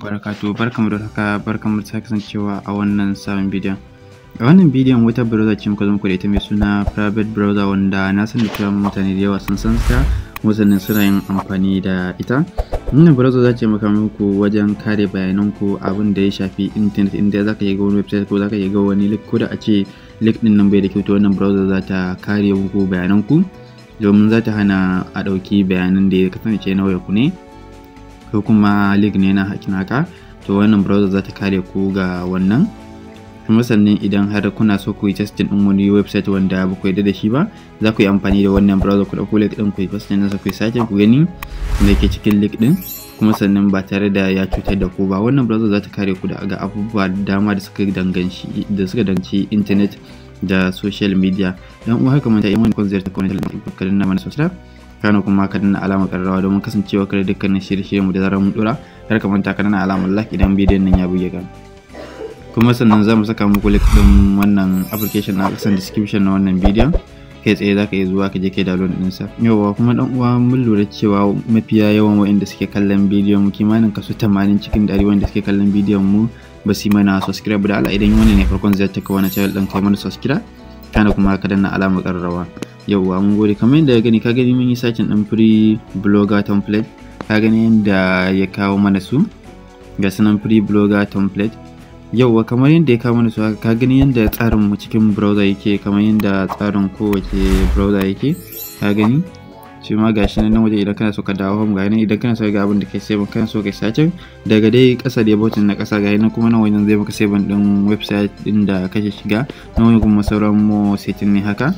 barakatu barkamu da haka barkamu da kasancewa a wannan sabon bidiyon a wannan bidiyon wata browser ce muka zo muku da ita mai suna private browser wanda na san da cewa mutane da yawa sun san ta sanin suna yin amfani da ita wannan browser za ta taimaka muku wajen kare bayananku abin da ya shafi internet inda za ka ga wani website ko za ka ga wani link ko da a ce link din nan bai da kyau to wannan browser za ta kare muku bayananku domin za ta hana a ɗauki bayanan da ya kasance na wayarku ne ko kuma league ne na hakin haka to wannan browser za ta kare ku ga wannan kuma sannan idan har kuna so ku yi testing din wani website wanda ba ku yarda da shi ba za ku yi amfani da wannan browser ku dauko link din ku yi testing nasa ku yi sake ku gani me ke cikin link din kuma sannan ba tare da ya cutar da ku ba wannan browser za ta kare ku daga abubuwa da dama da suka danganci da suka danci internet da social media dan uwa haka manta yi wani kun ziyarta kwanan da na mana subscribe kana kuma ka danna alamar karrawa domin kasancewa kare dukkanin shirye-shiryen mu da zarar mun dora kar ka manta ka danna alamar like idan bidiyon nan ya buge ka kuma sannan za mu saka muku link din wannan application na kasan description na wannan bidiyon kai tsaye za ka iya zuwa ka je kai download ɗinsa yawa kuma dan uwa mun lura cewa mafiya yawan waɗanda suke kallon bidiyon mu kimanin kaso 80 cikin 100 wanda suke kallon bidiyon mu ba su mana subscribe da ala idan wani ne farkon ziyartar ka wani channel ɗin kai mana subscribe kana kuma ka danna alamar yauwa mun gode kamar yadda ya gani ka gani mun yi sakin ɗin firi blogger template ka gani yadda ya kawo mana su ga sunan firi blogger template yauwa kamar yadda ya kawo mana su haka ka gani yadda tsarin mu cikin browser yake kamar yadda tsarin kowace browser yake ka gani shi ma gashi nan waje idan kana so ka dawo home ga nan idan kana so ga abin da kai save kana so kai sace daga dai kasa da button na kasa ga nan kuma nan wajen zai maka save din website din da kake shiga nan kuma sauran mu setting ne haka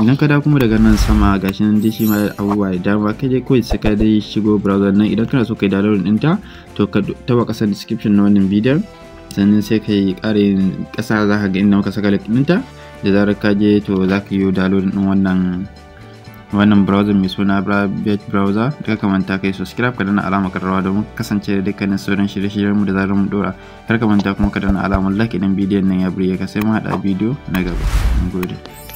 idan ka dawo kuma daga nan sama gashi nan dai shi ma abubuwa da dama kai dai kawai sai ka dai shigo browser nan idan kana so kai download ɗinta to ka taba ƙasar description na wannan bidiyon sannan sai ka yi ƙarin ƙasa za ka ga inda muka saka link ɗinta da zarar ka je to za ka yi download ɗin wannan wannan browser mai suna Brave browser da ka kamanta kai subscribe ka dana alamar karrawa domin kasance da dukkanin sauran shirye-shiryen mu da zarar mu dora kar ka manta kuma ka dana alamar like idan bidiyon nan ya burge ka sai mu haɗa bidiyo na gaba mun gode